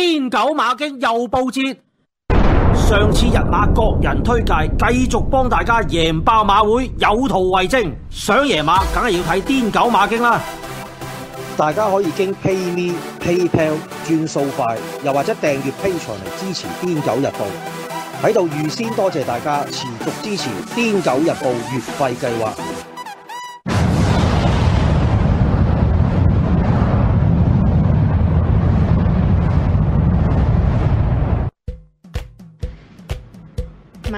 癲狗馬經又報捷，上次日馬各人推介，繼續幫大家贏爆馬會，有圖為證。想贏馬，梗係要睇癲狗馬經啦。大家可以經 PayMe、PayPal 轉數快，又或者訂閱 Pay 牆嚟支持癲狗日報。喺度預先多謝大家持續支持癲狗日報月費計劃。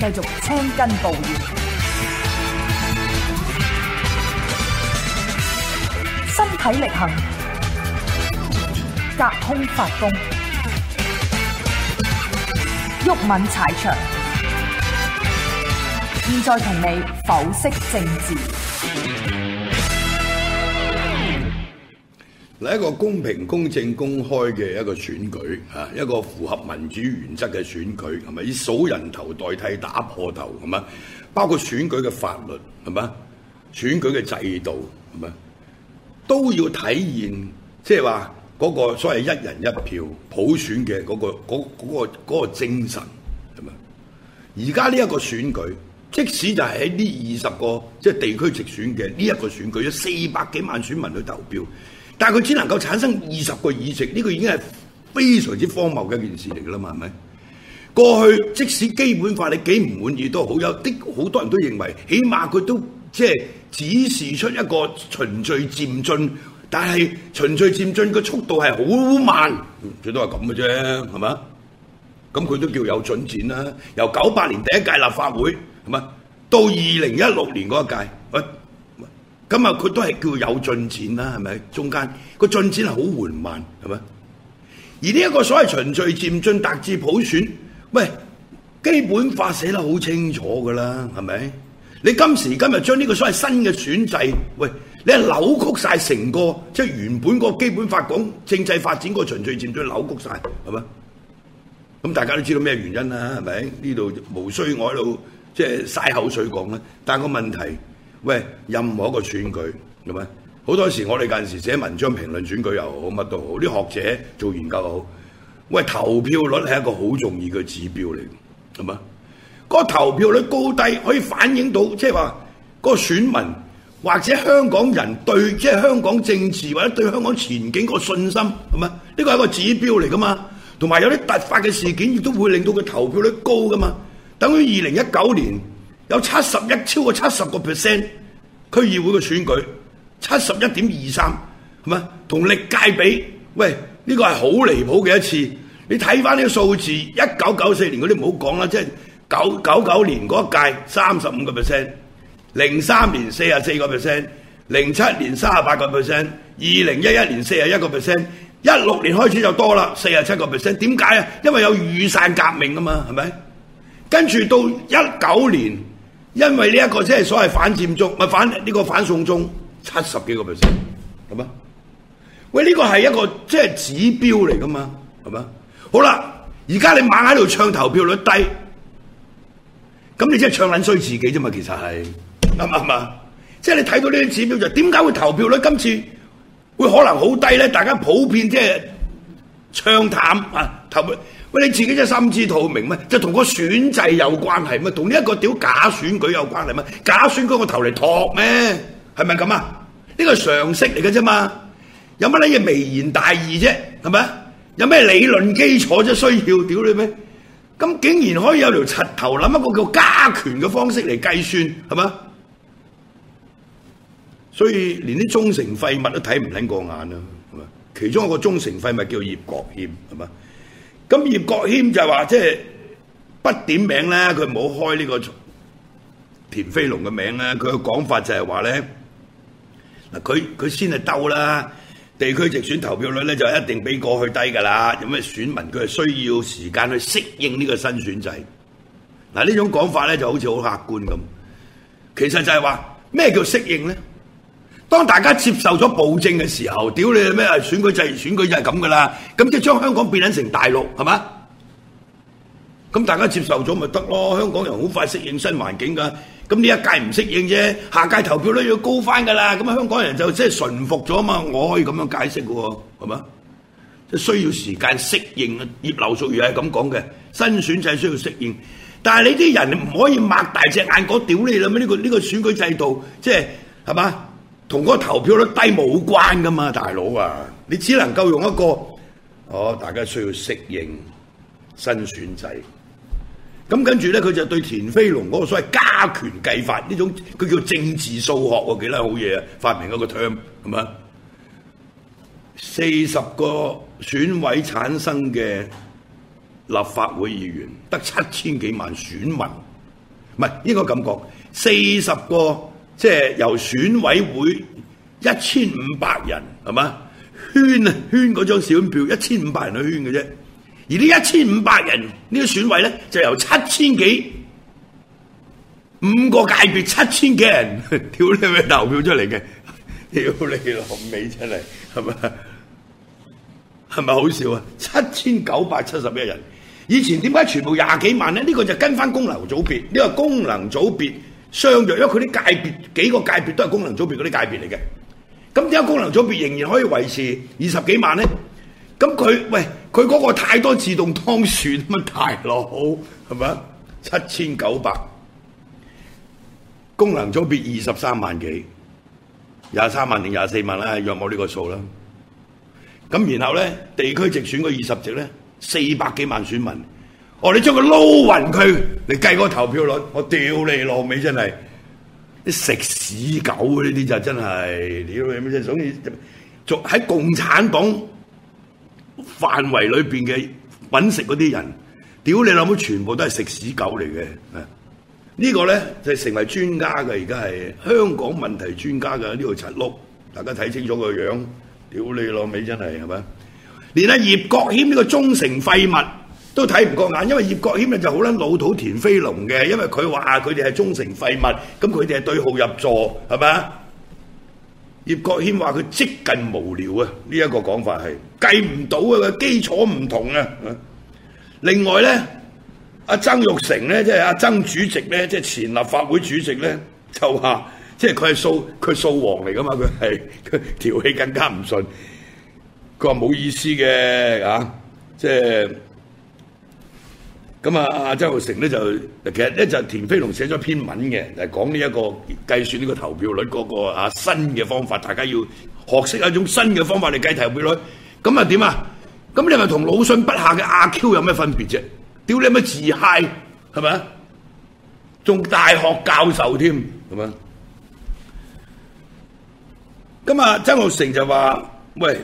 繼續青筋暴現，身體力行，隔空發功，毓民踩場。現在同你剖析政治。嚟一個公平、公正、公開嘅一個選舉，吓一個符合民主原則嘅選舉，係咪以數人頭代替打破頭，係嘛？包括選舉嘅法律，係嘛？選舉嘅制度，係嘛？都要體現，即係話嗰個所謂一人一票普選嘅嗰個、嗰個、嗰個、嗰個嗰個精神，係嘛？而家呢一個選舉，即使就喺呢二十個即係、即係、地區直選嘅呢一個選舉，有四百幾萬選民去投票。但係佢只能夠產生二十個議席，呢個已經係非常之荒謬嘅一件事嚟㗎啦嘛，係咪？過去即使基本法你幾唔滿意都好有，有的好多人都認為，起碼佢都即係指示出一個循序漸進，但係循序漸進個速度係好慢，最多係咁嘅啫，係嘛？咁佢都叫有進展啦，由九八年第一屆立法會係嘛，到二零一六年嗰一屆，喂。咁啊，佢都係叫有進展啦，係咪？中間個進展係好緩慢，係咪？而呢一個所謂循序漸進、達至普選，喂，基本法寫得好清楚噶啦，係咪？你今時今日將呢個所謂新嘅選制，喂，你係扭曲晒成個，即係原本個基本法講政制發展個循序漸進扭曲晒，係咪？咁大家都知道咩原因啦，係咪？呢度無需我喺度即係嘥口水講啦。但個問題。喂，任何一個選舉，係咪？好多時我哋近時寫文章評論選舉又好，乜都好，啲學者做研究又好。喂，投票率係一個好重要嘅指標嚟，係咪？個投票率高低可以反映到，即係話個選民或者香港人對即係香港政治或者對香港前景個信心，係咪？呢個係一個指標嚟㗎嘛。同埋有啲突發嘅事件亦都會令到佢投票率高㗎嘛。等於二零一九年。有七十一，超過七十個 percent 區議會嘅選舉，七十一點二三，係咪？同歷屆比，喂，呢個係好離譜嘅一次。你睇翻呢個數字，一九九四年嗰啲唔好講啦，即係九九年嗰一屆三十五個 percent，零三年四十四個 percent，零七年三十八個 percent，二零一一年四十一個 percent，一六年開始就多啦，四十七個 percent。點解啊？因為有雨傘革命啊嘛，係咪？跟住到一九年。因為呢一個即係所謂反佔中，唔係反呢個反送中，七十幾個 percent，係咪啊？喂，呢個係一個即係指標嚟噶嘛，係咪？好啦，而家你猛喺度唱投票率低，咁你即係唱撚衰自己啫嘛，其實係啱唔啱？即係吧你睇到呢啲指標就點解會投票率今次會可能好低咧？大家普遍即係唱淡。啊，投。喂，你自己真係心知肚明咩？就同個選制有關係咩？同呢一個屌假選舉有關係咩？假選舉個頭嚟托咩？係咪咁啊？呢個常識嚟嘅啫嘛，有乜撚嘢微言大義啫？係咪？有咩理論基礎啫？需要屌你咩？咁竟然可以有條柒頭諗一個叫加權嘅方式嚟計算係咪？所以連啲忠誠廢物都睇唔睇過眼啦？係嘛？其中一個忠誠廢物叫葉國謙係嘛？是咁葉國謙就係話，即係不點名咧，佢冇開呢個田飛龍嘅名咧。佢嘅講法就係話咧，嗱佢佢先係兜啦。地區直選投票率咧就一定比過去低㗎啦。因為選民佢係需要時間去適應呢個新選制嗱。呢種講法咧就好似好客觀咁，其實就係話咩叫適應咧？當大家接受咗暴政嘅時候，屌你咩啊？選舉制選舉就係咁噶啦，咁即係將香港變緊成大陸，係嘛？咁大家接受咗咪得咯？香港人好快適應新環境噶，咁呢一屆唔適應啫，下屆投票率要高翻噶啦，咁香港人就即係順服咗嘛？我可以咁樣解釋嘅，係嘛？即係需要時間適應啊！葉劉淑儀係咁講嘅，新選制需要適應，但係你啲人唔可以擘大隻眼講屌你啦咩？呢個呢個選舉制度，即係係嘛？同嗰個投票率低冇關噶嘛，大佬啊！你只能夠用一個，哦，大家需要適應新選制。咁跟住咧，佢就對田飛龍嗰個所謂加權計法呢種，佢叫政治數學我記得好嘢啊！發明一個 term 係嘛？四十個選委產生嘅立法會議員得七千幾萬選民，唔係應該咁講，四十個。即係由選委會一千五百人，係嘛，圈啊圈嗰張選票，一千五百人去圈嘅啫，而呢一千五百人呢個選委咧，就由七千幾，五個界別，七千幾人屌 你票投票出嚟嘅， 屌你老尾出嚟，係咪係咪好笑啊？七千九百七十一人，以前點解全部廿幾萬咧？呢個就跟翻功能組別呢個功能組別。這個相若，因為佢啲界別幾個界別都係功能組別嗰啲界別嚟嘅，咁點解功能組別仍然可以維持二十幾萬咧？咁佢喂佢嗰個太多自動當選乜大佬係咪啊？七千九百，功能組別二十三萬幾，廿三萬定廿四萬啦，約莫呢個數啦。咁然後咧，地區直選嗰二十席咧，四百幾萬選民。我你將佢撈勻佢，你計個投票率，我屌你老尾真係啲食屎狗，呢啲就真係屌你咩，就係想你，喺喺共產黨範圍裏邊嘅，揾食嗰啲人，屌你老母全部都係食屎狗嚟嘅啊！呢個咧就係成為專家嘅，而家係香港問題專家嘅呢個柒碌，大家睇清楚個樣，屌你老尾真係係咪？連阿葉國謙呢個忠誠廢物。都睇唔過眼，因為葉國謙咧就好撚老土田飛龍嘅，因為佢話佢哋係忠誠廢物，咁佢哋係對號入座係咪啊？葉國謙話佢接近無聊啊，呢一個講法係計唔到啊，個基礎唔同啊。另外咧，阿曾玉成咧，即係阿曾主席咧，即係前立法會主席咧，就話即係佢係素佢素王嚟㗎嘛，佢係條氣更加唔順。佢話冇意思嘅啊，即係。咁啊，阿曾浩成咧就，其實咧就是、田飛龍寫咗篇文嘅，嚟講呢一個計算呢個投票率嗰、那個啊新嘅方法，大家要學識一種新嘅方法嚟計投票率。咁啊點啊？咁你咪同魯迅筆下嘅阿 Q 有咩分別啫？屌你乜嘢自嗨係咪啊？仲大學教授添，係咪？咁啊，曾浩成就話喂，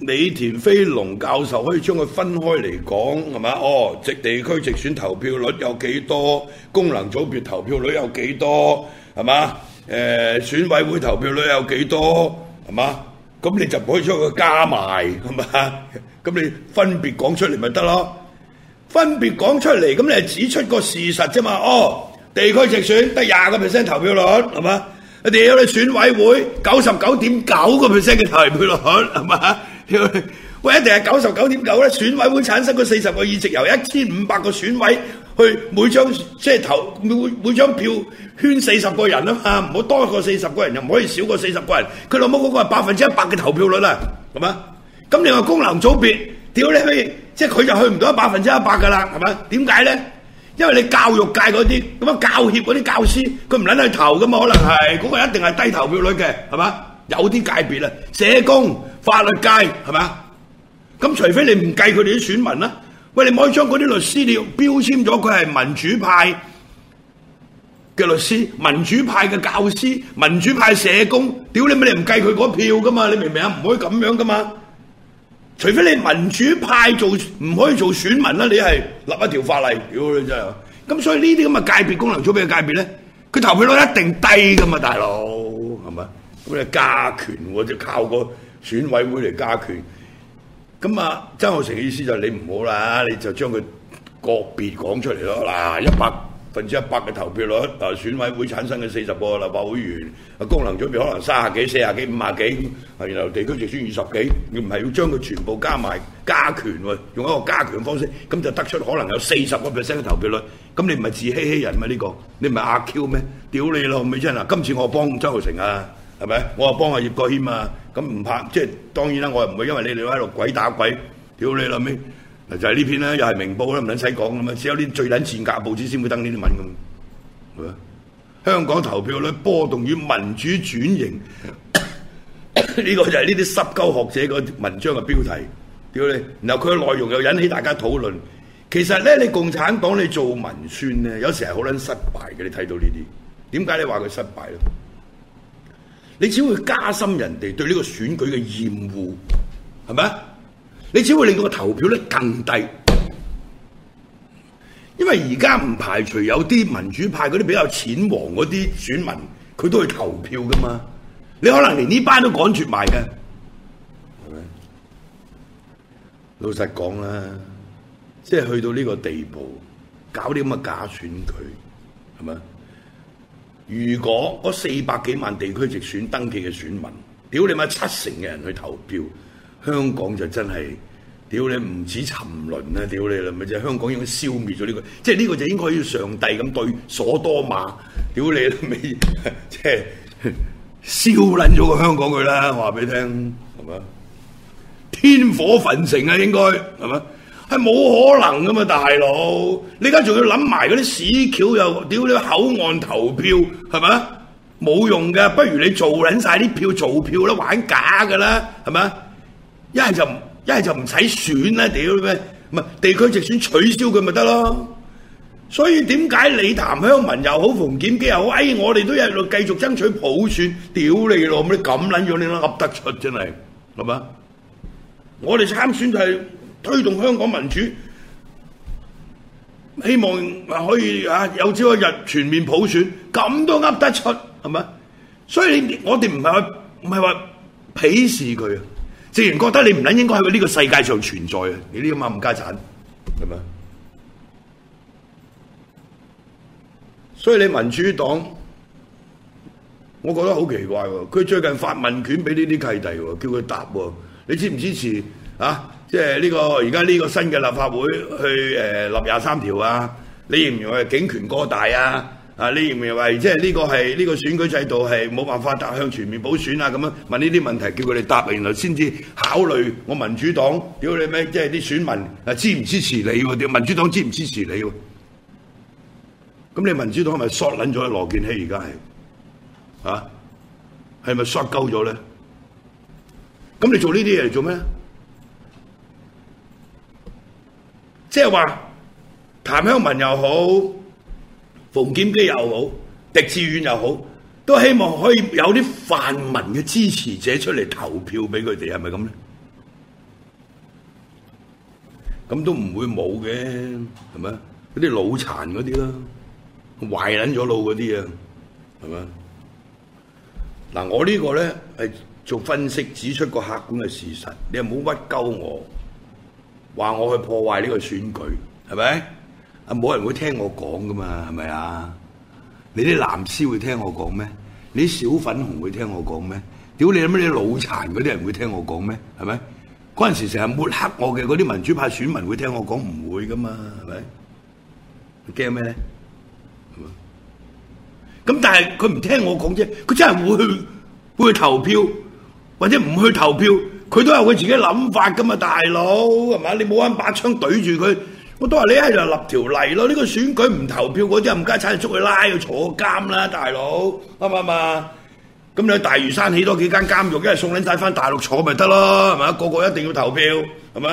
李田飛龍教授可以將佢分開嚟講，係嘛？哦，直地區直選投票率有幾多？功能組別投票率有幾多？係嘛？誒，選委會投票率有幾多？係嘛？咁你就唔可以將佢加埋，係嘛？咁你分別講出嚟咪得咯？分別講出嚟，咁你係指出個事實啫嘛？哦，地區直選得廿個 percent 投票率，係嘛？我哋有啲選委會九十九點九個 percent 嘅投票率，係嘛？喂，一定係九十九點九咧，選委會產生嗰四十個議席，由一千五百個選委去每張即係投每每張票圈四十個人啊嘛，唔好多過四十個人，又唔可以少過四十個人。佢老母嗰個係百分之一百嘅投票率啦，係嘛？咁你話功能組別，屌你，即係佢就去唔到百分之一百噶啦，係嘛？點解咧？因為你教育界嗰啲咁樣教協嗰啲教師，佢唔撚去投噶嘛，可能係嗰個一定係低投票率嘅，係嘛？有啲界別啦，社工、法律界，係咪啊？咁除非你唔計佢哋啲選民啦，喂，你唔可以將嗰啲律師你要標籤咗佢係民主派嘅律師、民主派嘅教師、民主派社工，屌你咪你唔計佢嗰票噶嘛？你明唔明啊？唔可以咁樣噶嘛！除非你民主派做唔可以做選民啦，你係立一條法例，屌你真係！咁所以呢啲咁嘅界別功能組別嘅界別咧，佢投票率一定低噶嘛，大佬。加權喎，就靠個選委會嚟加權。咁啊，曾鈺成嘅意思就係你唔好啦，你就將佢個別講出嚟咯。嗱，一百分之一百嘅投票率，啊選委會產生嘅四十個立法會員，啊功能組別可能三十幾、四十幾、五十幾，啊然後地區直選二十幾，你唔係要將佢全部加埋加權喎，用一個加權方式，咁就得出可能有四十個 percent 嘅投票率。咁你唔係自欺欺人咩？呢個你唔係阿 Q 咩？屌你咯，美珍啊！今次我幫曾鈺成啊！係咪？我又幫下葉國謙嘛，咁唔怕，即係當然啦。我又唔會因為你哋喺度鬼打鬼，屌你老味！就係呢篇咧，又係明報啦，唔撚使講咁嘛，只有啲最撚賤格報紙先會登呢啲文咁。 香港投票率波動與民主轉型呢 個就係呢啲濕鳩學者個文章嘅標題，屌你！然後佢嘅內容又引起大家討論。其實咧，你共產黨你做民選咧，有時係好撚失敗嘅。你睇到呢啲，點解你話佢失敗咧？你只會加深人哋對呢個選舉嘅厭惡，係咪？你只會令到個投票率更低，因為而家唔排除有啲民主派嗰啲比較淺黃嗰啲選民，佢都會投票㗎嘛。你可能連呢班都趕絕埋嘅，係咪？老實講啦，即係去到呢個地步，搞啲咁嘅假選舉，係咪？如果嗰四百幾萬地區直選登記嘅選民，屌你咪七成嘅人去投票，香港就真係屌你唔止沉淪啦，啊，屌你啦咪就香港應該消滅咗呢、呢個，即係呢個就應該要上帝咁對所多瑪，屌你啦咪即係燒撚咗個香港佢啦，話俾你聽係嘛？天火焚城啊，應該係嘛？係冇可能噶嘛，大佬！你而家仲要諗埋嗰啲屎橋又屌你口岸投票係咪？冇用嘅，不如你做撚晒啲票做票啦，玩假嘅啦，係咪？一係就一係就唔使選啦，屌你！唔係地區直選取消佢咪得咯？所以點解你譚香文又好，馮檢基又好，哎，我哋都一路繼續爭取普選，屌你咯！咁你咁撚樣，你都噏得出真係係嘛？我哋參選就係、是。推動香港民主，希望可以啊有朝一日全面普選，咁都呃得出，係咪？所以我哋唔係話唔係話鄙視佢啊，自然覺得你唔撚應該喺呢個世界上存在啊！你呢啲咁嘅冇家產，係咪？所以你民主黨，我覺得好奇怪喎，佢最近發問卷俾呢啲契弟喎，叫佢答喎，你支唔支持啊？即係呢個而家呢個新嘅立法會去誒、呃、立廿三條啊？你認唔認為警權過大啊？啊，你認唔認為即係呢個係呢、這個選舉制度係冇辦法答向全面普選啊？咁樣問呢啲問題，叫佢哋答，然後先至考慮我民主黨屌你咩？即係啲選民啊，支唔支持你喎、啊？啲民主黨支唔支持你喎、啊？咁你民主黨係咪索撚咗？羅健熙而家係啊，係咪索鳩咗咧？咁你做呢啲嘢做咩？即係話，譚香文又好，馮檢基又好，狄志遠又好，都希望可以有啲泛民嘅支持者出嚟投票俾佢哋，係咪咁咧？咁都唔會冇嘅，係咪啊？嗰啲腦殘嗰啲啦，壞撚咗腦嗰啲啊，係咪啊？嗱，我這個呢個咧係做分析，指出個客觀嘅事實，你又冇屈鳩我。話我去破壞呢個選舉，係咪？啊，冇人會聽我講噶嘛，係咪啊？你啲藍絲會聽我講咩？你啲小粉紅會聽我講咩？屌你，乜你腦殘嗰啲人會聽我講咩？係咪？嗰陣時成日抹黑我嘅嗰啲民主派選民會聽我講唔會噶嘛，係咪？你驚咩咧？咁但係佢唔聽我講啫，佢真係會去會去投票，或者唔去投票。佢都有佢自己諗法噶嘛，大佬，係嘛？你冇揾把槍對住佢，我都話你喺度立條例咯。呢、這個選舉唔投票嗰啲，唔該，請捉佢拉去坐監啦，大佬，啱唔啱啊？咁你喺大嶼山起多幾間監獄，一係送你帶翻大陸坐咪得咯，係咪個個一定要投票，係嘛？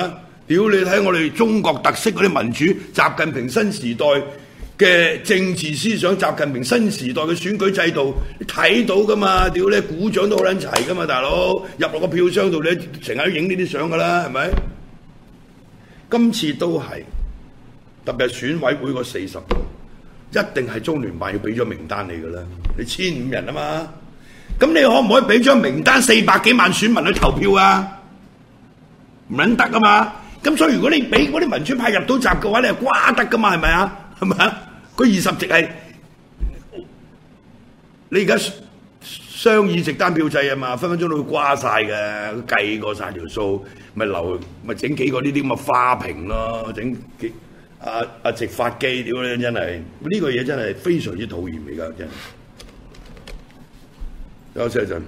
屌你睇我哋中國特色嗰啲民主，習近平新時代。嘅政治思想習近平新時代嘅選舉制度，你睇到噶嘛？屌你鼓掌都好撚齊噶嘛，大佬，入落個票箱度，你成日要影呢啲相噶啦，係咪？今次都係，特別係選委會個四十，一定係中聯辦要俾咗名單你噶啦，你千五人啊嘛，咁你可唔可以俾張名單四百幾萬選民去投票啊？唔撚得噶嘛？咁所以如果你俾嗰啲民主派入到閘嘅話，你就瓜得噶嘛？係咪啊？係咪啊？佢二十席係你而家雙議席單票制啊嘛，分分鐘都會瓜晒嘅，計過晒條數，咪留咪整幾個呢啲咁嘅花瓶咯，整幾阿阿直發機，屌你真係呢、呢個嘢真係非常之討厭嚟㗎真。休息一陣。